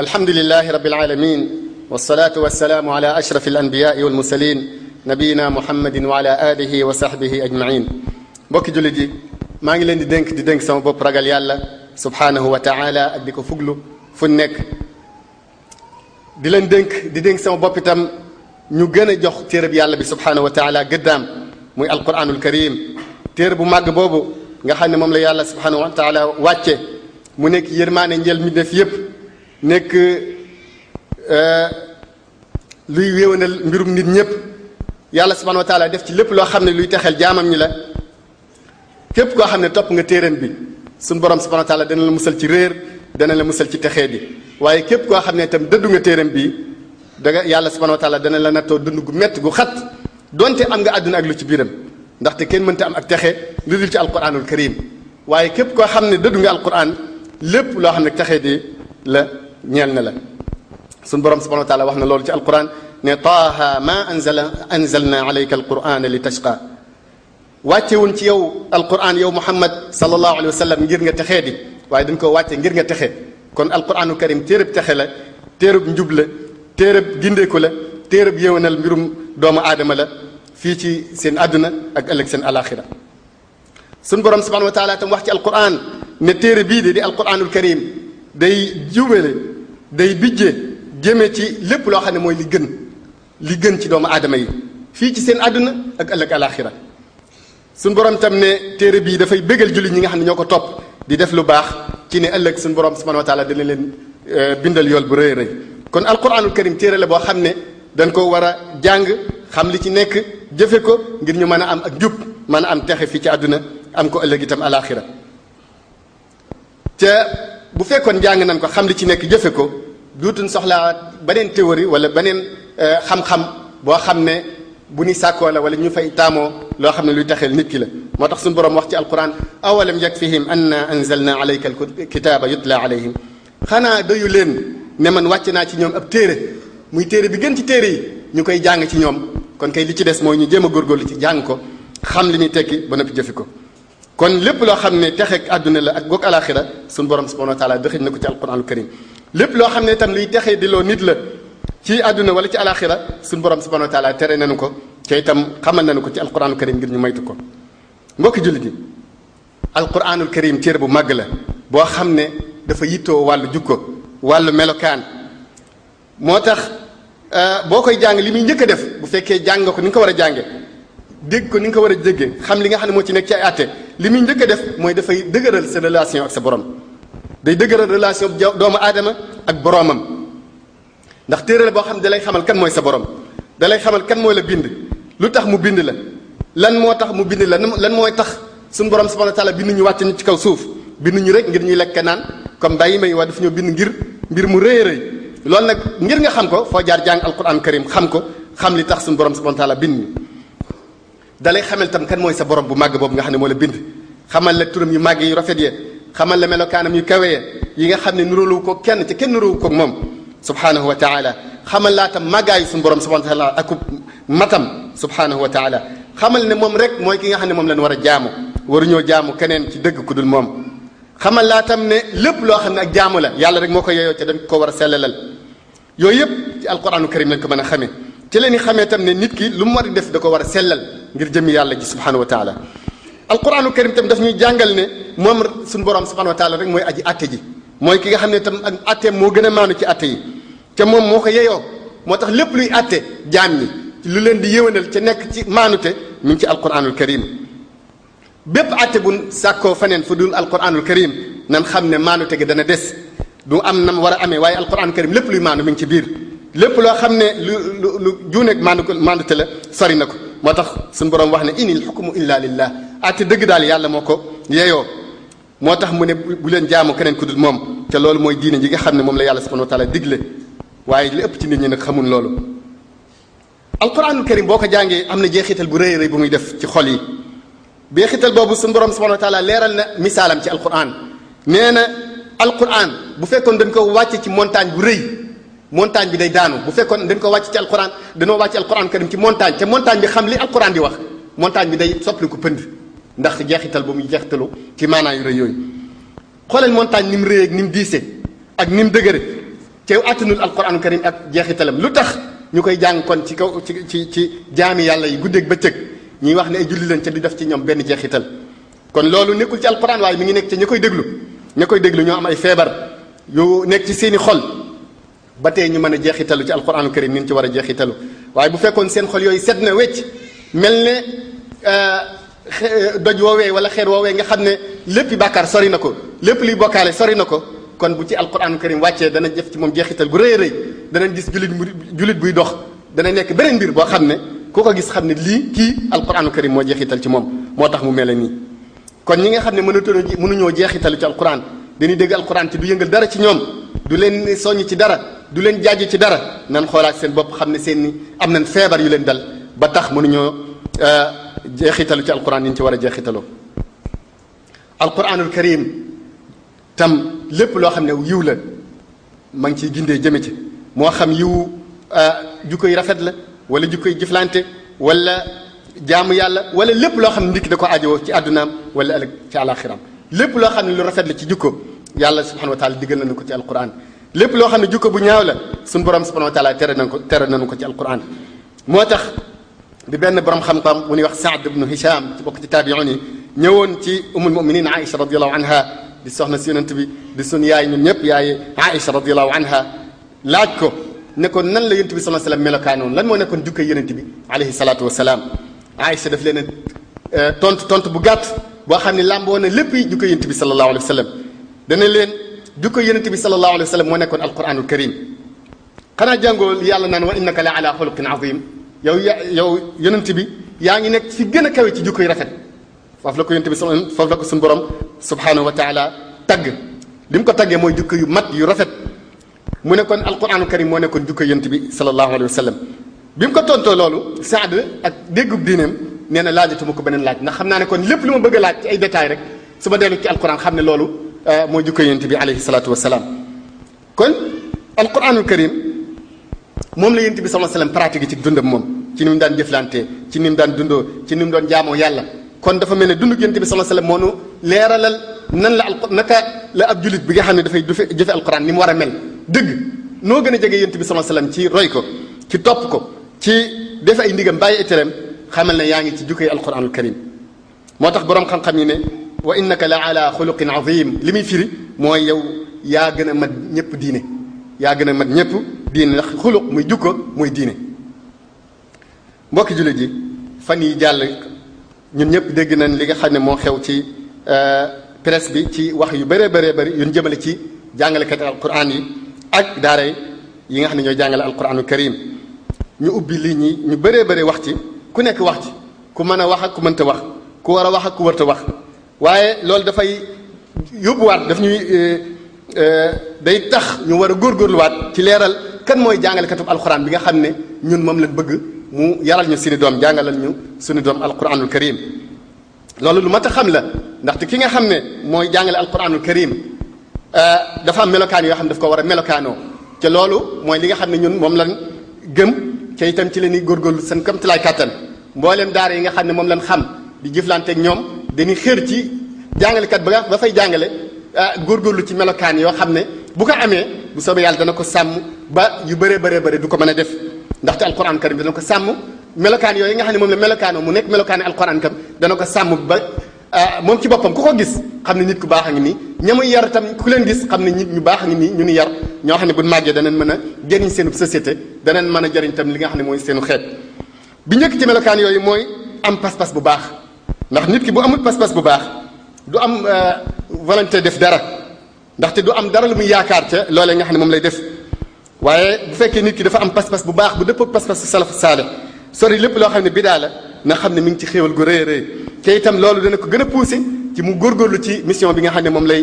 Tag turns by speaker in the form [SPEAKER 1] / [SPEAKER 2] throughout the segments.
[SPEAKER 1] alhamdulilahi rabbil alamin wasalaatu wasalaamu ala ashraf al anbiyaai walmursalin nabiyina muhammadin wa ala alihi wa sahbihi ajmain mbokki jullit yi maa ngi leen di dénk di dénk sama bopp ragal yàlla subhaanahu wa taala ak di ko fuglu fu nekk di leen dénk di dénk sama bopp itam ñu gën a jox téereb yàlla bi subhaanahu wa taala gëddaam muy alquranul karim téere bu màgg boobu nga xam ne moom la yàlla subhaanahu wa taala wàcce mu nekk yërmaane njël mi def yépp nekk euh, luy wéewanal mbirum nit ñëpp yàlla subhanahu wa taala def ci lépp loo xam ne luy texeel jaamam ñi la képp koo xam ne topp nga téeram bi suñu borom subhanahu wa taala dana la ci réer dana la musal ci texee di waaye képp koo xam ne itam dëddu nga bi danga yàlla subhanahu wa dana la nattoo dund gu métti gu xat donte am nga àdduna ak lu ci biiram ndaxte kenn mënta am ak texe lu dul ci alquranul karim waaye képp koo xam ne dëddu nga alquran lépp loo xam ne texee di la ñeel la sun borom subhanahu wa taala wax na loolu ci alquran ne taaha ma anzala anzalna alayka alqurana li tashqa wàcce wuñ ci yow alquran yow muhammad sallallahu alayhi wa ngir nga texee di waaye dañ koo wàcce ngir nga texe kon alquranu karim téereb texe la téereb njubla la téereb gindeeku la téereb yéwénal mbirum doomu aadama la fii ci seen àdduna ak ëllëg seen alaxira suñ borom subhanahu tam wax ci ne téere bii di alquranul karim day jubale day bijje jëme ci lépp loo xam ne mooy li gën li gën ci doomu aadama yi fii ci seen àdduna ak ëllëg alaxira suñ borom tam ne téere bii dafay bégal jullit ñi nga xam ne ñoo ko topp di def lu baax ci ne ëllëg suñ borom subhanahu wa taala dina leen euh, bindal yool bu rëy rëy kon alquranul karim téere la boo xam ne dañ ko war a jàng xam li ci nekk jëfe ko ngir ñu mën a am ak njub mën a am texe fii ci àdduna am ko ëllëg itam alaxira te bu fekkoon jàng nañ ko xam li ci nekk jëfe ko duutuñ soxlaa beneen théorie wala beneen euh, xam-xam boo xam ne bu ñu sàkkoo la wala ñu fay taamoo loo xam ne luy taxeel nit ki la moo tax suñu borom wax ci alquran awalam yakfihim anna anzalna alayka alkitaba yutla alayhim xanaa doyu leen ne man wàcc naa ci ñoom ab téere muy téere bi gën ci téere yi ñu koy jàng ci ñoom kon kay li ci des mooy ñu jéem a góorgóorlu ci jàng xam li ñuy tekki ba noppi jëfi ko kon lépp loo xam ne texeek àdduna la ak goog alaaxira suñu borom subhanahu wa taala dëxëñ na ko ci alquranul karim lépp loo xam ne itam luy texee di nit la ci àdduna wala ci alaxira suñu borom subhanahu wa taala tere nañu ko te itam xamal nañu ko ci alquranul karim ngir ñu maytu ko mbokki jullit yi alquranul karim téere bu màgg la boo xam ne dafa yittoo wàllu jukko wàllu melokaan moo tax euh, boo koy jàng li muy njëkk def bu fekkee jàng nga ko ni nga ko war a jànge dégg ko ni nga ko war a déggee xam li nga xam ne moo ci nekk ci ay àtte li muy njëkk def mooy dafay dëgëral sa relation ak sa borom day dëgëral relation doomu aadama ak boroomam ndax téere la boo xam ne dalay xamal kan mooy sa borom dalay xamal kenn mooy la bind lu tax mu bind la lan moo tax mu bind la lan mooy tax suñu borom subhanahu wa bind ñu wàcc ci kaw suuf bind ñu rek ngir ñuy lekk naan comme bàyyi may waa daf ñoo bind ngir mbir mu rëy loolu nag ngir nga xam ko foo jaar jàng alquran karim xam ko xam li tax suñu borom subhanahu wa taala bind ñu dalay xamal tam kan sa borom bu màgg boobu nga xam ne moo la bind xamal la turam yu màgg yu rafet yee xamal la kaanam yu kawee yi nga xam ne nuróowu ko kenn ci kenn nuróowu ko moom subhanahu wa taala xamal laa tam màggaayu suñu borom subhanahu wa taala akub matam subhanahu wa taala xamal ne moom rek mooy ki nga xam ne moom lañ war a waru ñoo jaamu keneen ci dëgg ku dul moom xamal laa tam ne lépp loo xam ne ak jaamu la yàlla rek moo ko yeyoo te dañ ko war a sellalal yooyu yëpp ci alquranu karim lañ ko mën a xamee ci leen i xamee tam ne nit ki lu mu war a def da ko war a sellal ngir jëmi yàlla ji subhanahu taala alquranu karim tam daf ñuy jàngal ne moom suñu borom subhanahu wa taala rek mooy aji atte ji mooy ki nga xam ne tam ak atteem moo gën a maanu ci atte yi te moom moo ko yeyoo moo tax lépp luy atte jaam ñi lu leen di yéwénal ca nekk ci maanute mi ngi ci alquranul karim bépp atte bu sàkkoo faneen fu dul alquranul karim nan xam ne maanute gi dana des du am nam war a amee waaye alquranul karim lépp luy maanu mi ngi ci biir lépp loo xam ne lu lu lu juuneeg maandu maandute la sori na ko moo tax suñu borom wax ne inil xukmu illa lillah àtte dëgg daal yàlla moo ko yeeyoo moo tax mu ne bu leen jaamu keneen ku dul moom te loolu mooy diine ji nga xam ne moom la yàlla subhanahu wa taala digle waaye li ëpp ci nit ñi nag xamul loolu alquranul karim boo ko jàngee am na jeexital bu rëy rëy bu muy def ci xol yi jeexital boobu suñu borom subhanahu wa taala leeral na misaalam ci alquran nee na alquran bu fekkoon dañ ko wàcce ci montagne bu rëy montagne bi day daanu bu fekkoon dañ ko wàcc ci alquran dañoo wàcc alquran karim ci montagne te montagne bi xam li alquran di wax montagne bi day soppali ko pënd ndax jeexital ba muy jeexitalu ci maanaa yu rëy yooyu xoolal montagne ni mu rëy ak ni mu diise ak ni mu dëgëre te attanul alquranu karim ak jeexitalam lu tax ñu koy jàng kon ci kaw ci ci ci jaami yàlla yi ba bëccëg ñuy wax ne ay julli leen ca di def ci ñoom benn jeexital kon loolu nekkul ci alquran waaye mi ngi nekk ci ñi koy déglu ña koy déglu ñoo am ay feebar yu nekk ci seeni xol ba te ñu mën a jeexitalu ci alquranu karim ni ñu ci war a jeexitalu waaye bu fekkoon seen xol yooyu set na wecc mel ne euh, doj woowee wala xeer woowee nga xam ne lépp bàkkaar sori na ko lépp luy bokkaale sori na ko kon bu ci alquran karim wàccee dana jëf ci moom jeexital gu rëy rëy danañ gis julit julit buy dox dana nekk beneen mbir boo xam ne ku ko gis xam ne lii kii alquran karim moo jeexital ci moom moo tax mu mel nii kon ñi nga xam ne mënatuñoo mënuñoo jeexital ci alquran dañuy dégg alquran ci du yëngal dara ci ñoom du leen soññ ci dara du leen jàjj ci dara nan xoolaat seen bopp xam ne seen am nañ feebar yu leen dal ba tax mënuñoo euh, jeexitalu ci alquran yi ci war a jeexitaloo alquranul karim tam lépp loo xam ne yiw la ma ngi ciy gindee jëme ci moo xam yiw ah, yi rafet la wala jukkoy jëflante wala jaamu yàlla wala lépp loo xam ne ndikk da ko aajowoo ci àddunaam wala ëllëg ci àlaxiraam lépp loo xam ne lu rafet la ci jukko yàlla subhanahu wa taala diggal nañu ko ci alquran lépp loo xam ne jukko bu ñaaw la suñu borom subhanahu wa taala tere nañu ko tere nañu ko ci alquran moo tax bi benn borom xam-xam bu ñuy wax Saad ibnu Hisham ci bokk ci taabiun yi ñëwoon ci umul muminin Aïcha radiallahu anha di soxna si yonent bi di sun yaay ñun ñëpp yaay Aïcha radiallahu anha laaj ko ne nan la yonent bi sallallahu alayhi wasallam melokaanoon lan moo nekkoon jukkay yonent bi alayhi salaatu wasalaam Aïcha daf leen a euh, tontu tontu bu gàtt boo xam ne làmboo na lépp yi jukkay yonent bi sallallahu alayhi wasallam dana leen jukkay yonent bi sallallahu alayhi wasallam moo nekkoon alquranul karim xanaa jàngoo yàlla naan wa innaka la ala xuluqin azim yow ya yow yonent bi yaa ngi nekk si gën a kawe ci jukko yu rafet foofu la ko yonent bi foofu la ko suñu borom subhanahu wa taala tagg li mu ko taggee mooy jukko yu mat yu rafet mu nekkoon alquranu karim moo nekkoon jukko yonent bi sallallahu alayhi wa sallam bi mu ko tontoo loolu saad ak déggub diineem nee na laajatuma ko beneen laaj ndax xam naa ne kon lépp lu ma bëgg a laaj ay détails rek su ma dellu ci alquran xam ne loolu euh, mooy jukko yonent bi alayhi salaatu wasalaam kon alquranul karim moom la yonent bi sallallahu alayhi wa sallam pratique ci dundam moom ci ni mu daan jëflante ci ni mu daan dundoo ci ni mu doon jaamoo yàlla kon dafa mel ne dund yonent bi sallallahu alayhi wasallam moo nu leeralal nan la al naka la ab jullit bi nga xam ne dafay jofe jëfe alquran ni mu war a mel dëgg noo gën a jege yonent bi sallallahu alayhi ci roy ko ci topp ko ci defe ay ndigam bàyyi ay xamal ne yaa ngi ci jukkee alquranul karim moo tax boroom xam-xam yi ne wa innaka la ala xuluqin azim li muy firi mooy yow yaa gën a mat ñëpp diine yaa gën a ñëpp diine ndax xuluq muy jukko muy diine mbokki jullit ji fan yi jàll ñun ñëpp dégg nañ li nga xam ne moo xew ci euh, presse bi ci wax yu bëree bëree bëri yu jëmale ci jàngalekat alquran yi ak daara yi nga xam ne ñooy jàngale alquranu karim ñu ubbi lii ñi ñu bëree bëri wax ci ku nekk wax ci ku mën a wax ak ku mënta wax ku war a wax ak ku wërta wax waaye loolu dafay yóbbuwaat daf ñuy euh, euh, day tax ñu war a góorgóorluwaat ci leeral kan mooy jàngalekatub alquran bi nga xam ne ñun moom lañ bëgg mu yaral ñu suñu doom jàngalal ñu suñu doom alquranul karim loolu lu mat a xam la ndaxte ki nga xam ne mooy jàngale alquranul karim euh, dafa am melokaan yoo xam ne daf ko war a melokaanoo te loolu mooy li nga xam ne ñun moom lan gëm te ci la ñuy góorgóorlu seen kamtalaay kàttan mbooleem daara yi nga xam ne moom lan xam di jëflanteeg ñoom dañuy xër ci jàngalekat ba nga ba fay jàngale euh, góorgóorlu ci melokaan yoo xam ne bu ko amee bu soobee yàlla dana ko sàmm ba yu bëree bëree bëri du ko mën a def ndaxte alquran karim dana ko sàmm melokaan yooyu nga xam ne moom la melokaanoo mu nekk melokaani alquran karim dana ko sàmm ba ah, moom ci boppam ku ko gis xam ne nit ku baax a ngi nii ñamuy yar tam ku leen gis xam ne nit ñu baax a nii ñu ni yar ñoo xam ne bu màggee danañ mën a jëriñ seenu société danañ mën a jëriñ tam li nga xam ne mooy seenu xeet bi njëkk ci melokaan yooyu mooy am pas-pas bu baax ndax nit ki bu amul pas-pas bu baax du am ah, volonté def dara ndaxte du am dara lu muy yaakaar ca loolee nga xam ne moom lay def waaye bu fekkee nit ki dafa am pas-pas bu baax bu dëppoo pas-pas su salaf saalih sori lépp loo xam ne bidaa la na xam ne mi ngi ci xéewal gu rëy a rëy te itam loolu dana ko gën a poussé ci mu góorgóorlu ci mission bi nga xam ne moom lay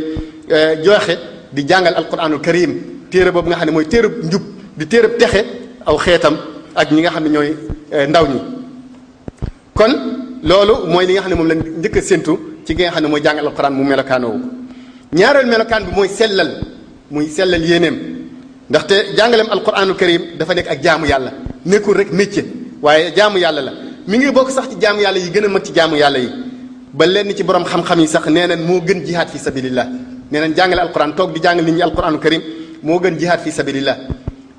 [SPEAKER 1] euh, joxe di jàngal alquranul karim téere boobu nga xam ne mooy téereb njub di téere téereb texe aw xeetam ak ñi nga xam ne ñooy euh, ndaw ñi kon loolu mooy li nga xam ne moom lañ njëkk a séntu ci nga xam ne mooy jàngal alquran mu melokaanoowu ñaareel melokaan bi mooy sellal muy sellal yéeneem ndaxte jàngaleem alquranul karim dafa nekk ak jaamu yàlla nekkul rek métier waaye jaamu yàlla la mi ngi bokk sax ci jaamu yàlla yi gën a mag ci jaamu yàlla yi ba lenn ci borom xam yi sax nee nañ moo gën jihaad fi sabilillah nee nañ jàngale alquran toog di jàngal nit ñi alquranul karim moo gën jihaad fi sabilillah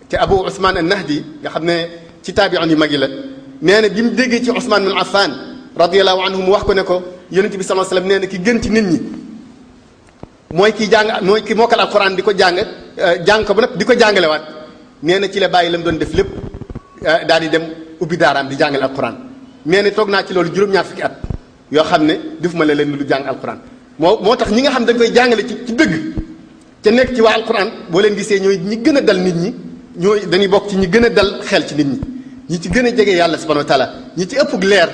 [SPEAKER 1] te abu usman an nahdi nga xam ne ci taabi'un yu mag yi la nee na bi mu déggee ci usman bin affan radiyallahu anhu mu wax ko ne ko yonente bi sallallahu alayhi nee na ki gën ci nit ñi mooy ki jàng mooy ki mokkal alquran di ko jàng Euh, jàng ko ba nag di ko jàngalewaat nee ci la bàyyi la mu doon def lépp euh, daal di dem ubbi daaraam di jàngale alquran nee na toog naa ci loolu juróom-ñaar fukki at yoo xam ne defuma ma la leen lu jàng alquran moo moo tax ñi nga xam ne dañ koy jàngale ci ci dëgg ca nekk ci waa alquran boo leen gisee ñooy ñi gën a dal nit ñi ñooy dañuy bokk ci ñi gën a dal xel ci nit ñi ñi ci gën a jege yàlla subhanahu wa taala ñi ci ëpp leer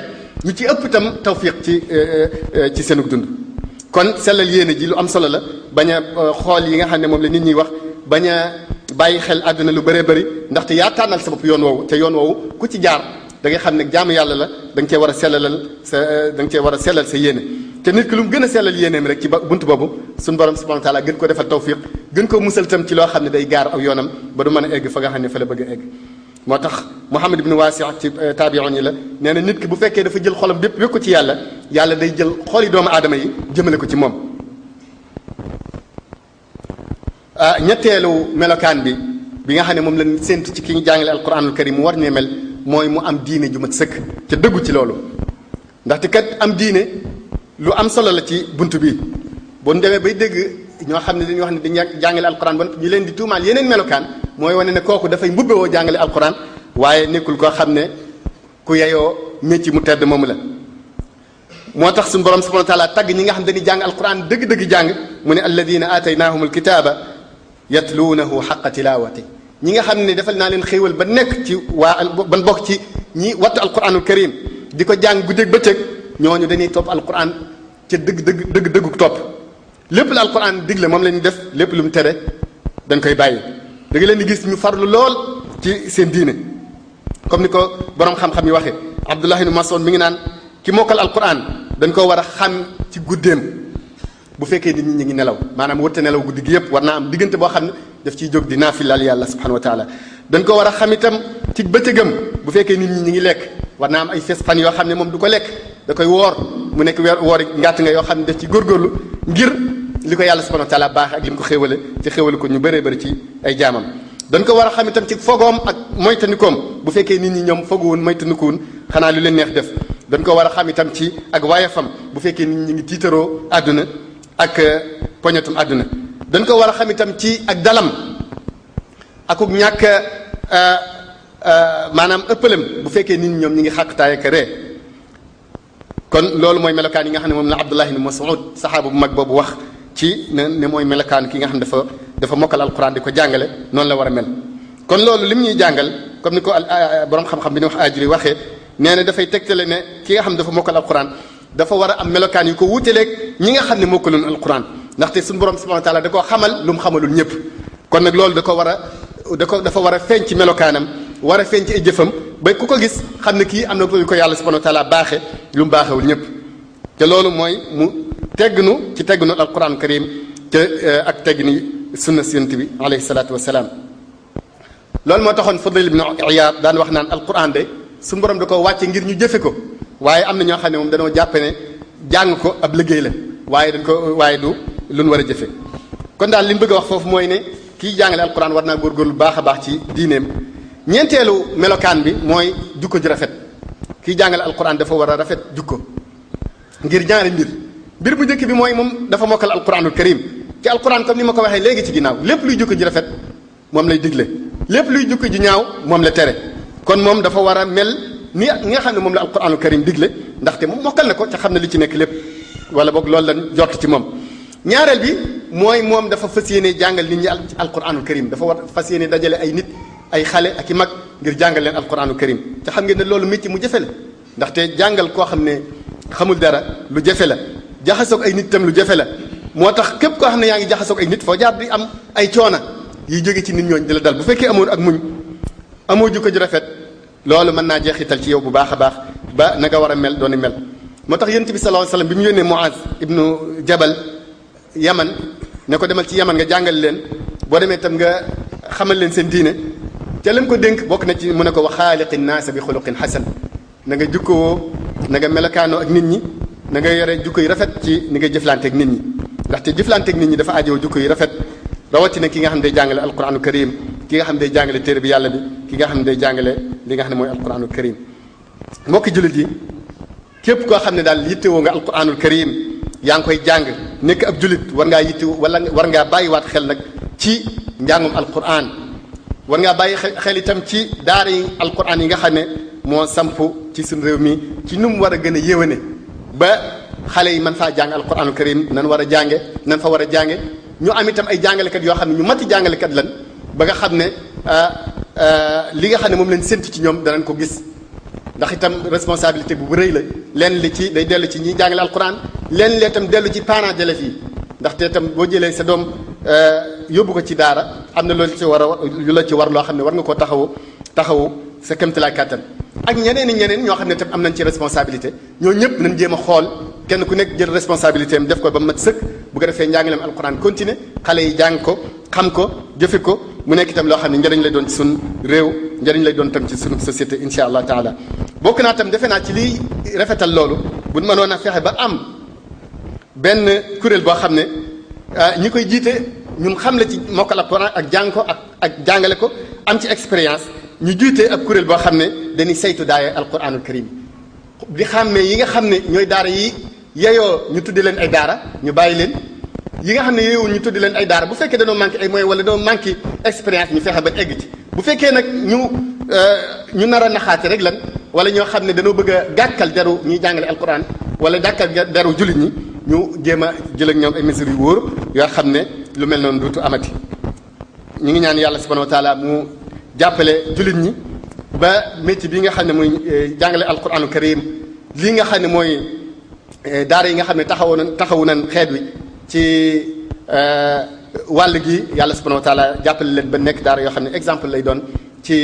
[SPEAKER 1] ñu ci ëpp itam tawfiq ci euh, ci seenug dund kon sellal yéene ji lu am solo la bañ xool yi nga xam ne moom la nit ñi wax bañ a bàyyi xel àdduna lu bëree bëri ndaxte yaa tànnal sa bopp yoon woowu te yoon woowu ku ci jaar da xam ne jaamu yàlla la da nga war a sellalal sa cee war a sellal sa yéene te nit ki lu mu gën a sellal yéeneem rek ci ba bunt boobu suñu borom subhanahu wa taala gën ko defal tawfiq gën ko musal tam ci loo xam ne day gaar aw yoonam ba du mën a egg fa xam ne fa la bëgg a egg moo tax Muhammad ibn Wasi ci eh, taabiyoon yi la nee na nit ki bu fekkee dafa jël xolam bépp wékku ci yàlla yàlla day jël xooli doomu aadama yi jëmale ko ci moom Ah, ñetteelu melokaan bi bi nga xam ne moom lañ séentu ci ki ñu jàngale alquranul karim mu war ne mel mooy mu am diine ju mat sëkk ca dëggu ci loolu ndaxte kat am diine lu am solo la ci bunt bi bu nu demee bay dégg ñoo xam ne dañuy wax ne dañuy jàngale alquran ba ñu leen di tuumaal yeneen melokaan mooy wane ne kooku dafay mbubbe woo jàngale alquran waaye nekkul koo xam ne ku yeyoo mécc mu tedd moomu la moo tax suñu borom subhanahu wa taala tag ñi nga xam dañuy jàng alquran dëgg-dëgg jàng mu ne alladina aataynaahum alkitaaba yatluunahu laa tilaawati ñi nga xam ni defal naa leen xéewal ba nekk ci waa al ban bokk ci ñi wattu alquranul karim di ko jàng guddeeg bëccëg ñooñu dañuy topp alquran ca dëgg dëgg dëgg dëggu topp lépp la alquran digle moom la ñuy def lépp lu mu tere dañ koy bàyyi da leen di gis ñu farlu lool ci seen diine comme ni ko boroom xam-xam yi waxee Abdullah ibn Mas'ud mi ngi naan ki mokkal alquran dañ ko war a xam ci guddeem bu fekkee nit ñi ngi nelaw maanaam wërte nelaw guddi gi yëpp war naa am diggante boo xam ne daf ciy jóg di naafilal yàlla subhanahu wa taala dañ ko war a xam itam ci bëccëgam bu fekkee nit ñi ñu ngi lekk war naa am ay fees yoo xam ne moom du ko lekk da koy mu nekk weer woori ngàtt nga yoo xam ne daf ci góorgóorlu ngir li ko yàlla subhanahu wa baax ak li ko xéwale ci xéwale ko ñu bëree bëri ci ay jaamam dañ ko war a xam itam ci fogoom ak moytanikoom bu fekkee nit ñi ñoom foguwun moytanikuwun xanaa lu leen neex def dañ ko war a xam itam ci ak waayefam bu fekkee nit ñi ngi tiitaroo àdduna ak euh, poñetum àdduna dañ ko war a xam ci ak dalam akuk ñàkk euh, euh, maanaam ëppalem bu fekkee nit ñoom ñi ngi xàqtaay ak ree kon loolu mooy melokaan yi nga xam ne moom la Abdullah ibn Mas'ud saxaaba bu mag boobu wax ci ne ne mooy melokaan ki nga xam ne dafa dafa mokkal alquran di ko jàngale noonu la war a mel kon loolu lim ñuy jàngal comme ni ko borom xam-xam bi ni wax waxee nee dafay tegtale ne ki nga xam ne dafa mokkal alquran dafa war a am melokaan yi ko wuteleeg ñi nga xam ne mokkaloon alquran ndaxte suñu borom subhanahu wa taala da koo xamal lu mu xamalul ñëpp kon nag loolu da ko war a da dafa war a feeñ ci melokaanam war a feeñ ci ay jëfam ba ku ko gis xam ne kii am na lu ko yàlla subhanahu wa taala baaxe lu mu baaxewul ñëpp te loolu mooy mu teggnu ci teggnu alquran karim te eh, ak teggni sunna siyent bi alayhi salaatu wasalaam loolu moo taxoon Fadl ibn Iyaad daan wax naan alquran de suñu borom da koo wàcce ngir ñu jëfe ko waaye am na ñoo xam ne moom dañoo jàppe jàng ko ab liggéey la waaye dañ ko waaye du lu nu war a jëfe kon daal li mu bëgg a wax foofu mooy ne kiy jàngale alquran war naa góorgóorlu baax a baax ci diineem ñeenteelu melokaan bi mooy jukko ju rafet kiy jàngale alquran dafa war a rafet jukko ngir ñaari mbir mbir bu njëkk bi mooy moom dafa mokkal alquranul karim ci alquran comme ni ma ko waxee léegi ci ginnaaw lépp luy jukko ju rafet moom lay digle lépp luy jukko ju ñaaw moom la tere kon moom dafa war a mel ni nga xam ne moom la alquranul karim digle ndaxte moom mokkal ne ko ca xam ne li ci nekk lépp wala boog loolu lan jot ci moom ñaareel bi mooy moom dafa fas yéene jàngal nit ñi ci alquranul karim dafa war fas yéene dajale ay nit xale ak i mag ngir jàngal leen alquranul karim te xam ngeen ne loolu métti mu jafe la ndaxte jàngal koo xam ne xamul dara lu jafe la jaxasoog ay nit itam lu jafe la moo tax képp koo xam ne yaa ngi jaxasoog ay nit foo jaar di am ay coona yuy jóge ci nit ñooñu di la dal bu fekkee amoon ak muñ amoo jukko ju rafet loolu mën naa jeexital ci yow bu baax a baax ba na war a mel doon mel moo tax yonent bi sallallahu alayhi wasallam bi mu yónnee Muaz ibnu Jabal Yaman ne ko demal ci Yaman nga jàngal leen boo demee tam nga xamal leen seen diine ca lam ko dénk bokk na ci mu ne ko wa xaaliqi naasa bi xuluqin xasan na nga jukkoo na nga melokaanoo ak nit ñi na nga yore jukko yu rafet ci ni nga jëflanteeg nit ñi ndaxte jëflanteeg nit ñi dafa ajoo jukko yu rafet rawatina ki nga xam ne day jàngale alquranu karim ki nga xam ne day jàngale téere bi yàlla bi ki nga xam ne day jàngale li nga xam ne mooy alquranul karim mbokki jullit yi képp koo xam ne daal yittewoo nga alquranul karim yaa ngi koy jàng nekk ab jullit war ngaa yitte wala war bàyyi waat xel nag ci njàngum alquran war ngaa bàyyi xel itam ci daara yi alquran yi nga xam ne moo samp ci suñu réew mi ci nu mu war a gën a yéwéne ba xale yi mën faa jàng alquranul karim nan war a jànge nan fa war a jànge ñu am itam ay jàngalekat yoo xam ne ñu mati jàngalekat lan ba nga xam ne ah, Euh, li nga xam ne moom lañ séntu ci ñoom danañ ko gis ndax itam responsabilité bu rëy la leen li ci day dellu ci ñiy jàngale alquran leen lee itam dellu ci parents d'élèves yi ndaxte itam boo jëlee sa doom euh, yóbbu ko ci daara am na loolu ci war a la ci war loo xam ne war nga koo taxawu taxawu sa kéemtalaay kàttan ak ñeneen i ñeneen ñoo xam ne tam am nañ ci responsabilité ñoo ñëpp nañ jéem a xool kenn ku nekk jël responsabilité am def ko ba mat sëkk bu ko defee njàngaleem alquran continuer xale yi jàng ko xam ko jëfe ko mu nekk tam loo xam ne njëriñ lay doon ci suñ réew njëriñ lay doon tam ci suñu société insha allah taala bokk naa tam defe naa ci liy rafetal loolu buñ mënoon a fexe ba am benn kuréel boo xam ne ah, ñi koy jiite ñun xam la ci mokkal ak jàng ko ak ak jàngale ko am ci expérience ñu jiite ak kuréel boo xam ne dañuy saytu daaya alxuraanul karim di xàmmee yi nga xam ne ñooy daara yi yeyoo ñu tudde leen ay daara ñu bàyyi leen yi nga xam ne yooyu ñu tuddi leen ay daara bu fekkee dañoo manqué ay moyens wala dañoo manqué expérience ñu fexe ba egg ci bu fekkee nag ñu euh, ñu nar a naxaati rek lan wala ñoo xam ne dañoo bëgg a gàkkal deru ñuy jàngale alquran wala gàkkal deru jullit ñi ñu jéem a jël ñoom ay mesures yu wóor yoo xam ne lu mel noonu duutu amati ñu ngi ñaan yàlla subhanahu wa taala jàppale jullit ñi ba métier bi nga xam ne muy euh, jàngale alquranu karim lii nga xam ne mooy euh, daara yi nga xam ne taxawoon taxawu nan xeet wi ci euh, wàll gi yàlla subhanahu wa taala jàppale leen ba nekk daara yoo xam ne exemple lay doon ci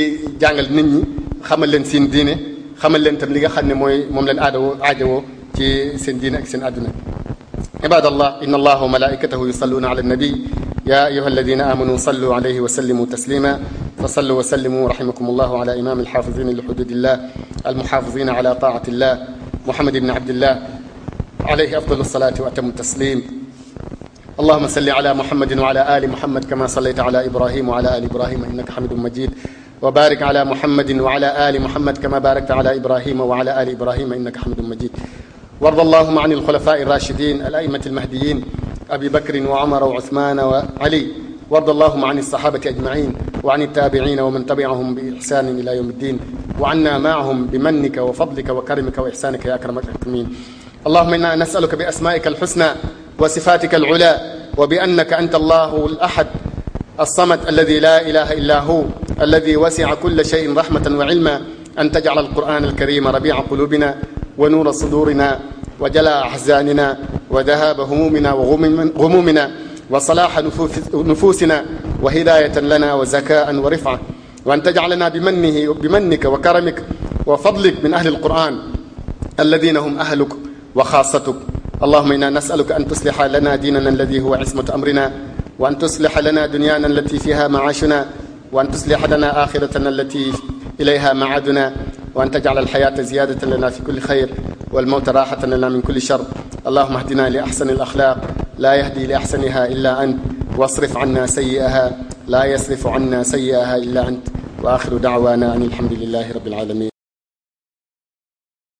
[SPEAKER 1] jàngal nit ñi xamal leen seen diine xamal leen tam li nga xam ne mooy moom leen aadawoo aajowoo ci seen diine ak seen àdduna ibadallah inna allaha wa malaikatahu yusalluna ala annabi ya ayuha alladina amanu sallu alayhi wa sallimu taslima fa sallu wa sallimu rahimakum allahu ala imam alxafizin li xududillah almuxafizin ala taati illah muhammad ibni abdillah alayhi afdalu salati wa atamu taslim allahuma salli ala muhammadin wa ala ali muhammad kama sallayta ala ibrahim wa ala ali ibrahim innaka hamidun majid wa barik ala muhammadin wa ala ali muhammad kama barakta ala ibrahim wa ala ali ibrahim innaka hamidun majid warda allahuma an alxulafa irrachidin alaimati almahdiyin abi bakrin wa umara wa usmana wa ali warda allahuma an alsahabati ajmain wa an altabiina wa man tabiahum bi ihsanin ila yawm iddin wa anna maahum bimannika wa fadlika wa karimika wa ihsanika ya akrama alhakimin allahuma inna nasaluka bi asmaika alxusna وصفاتك العلى وبأنك أنت الله الأحد الصمد الذي لا إله إلا هو الذي وسع كل شيء رحمة وعلما أن تجعل القرآن الكريم ربيع قلوبنا ونور صدورنا وجلاء أحزاننا وذهاب همومنا وغمومنا وصلاح نفوسنا وهداية لنا وزكاء ورفعة وأن تجعلنا بمنه بمنك وكرمك وفضلك من أهل القرآن الذين هم أهلك وخاصتك allahuma inna nasaluka an tusliha lana diinana alladi huwa ismatu amrina wa an tusliha lana dunyaana allati fiha maashuna wa an tusliha lana axiratana allati ilayha maaduna wa an tajcal alxayaata ziyadatan lana fi kulli xayr walmawta raxatan lana min kulli shar allahuma ahdina li axsani alaxlaaq laa yahdi li axsaniha illa ant wasrif anna sayi'aha laa yasrifu anna sayi'aha illa ant wa axiru daawana an alhamdulilahi rabbil alamin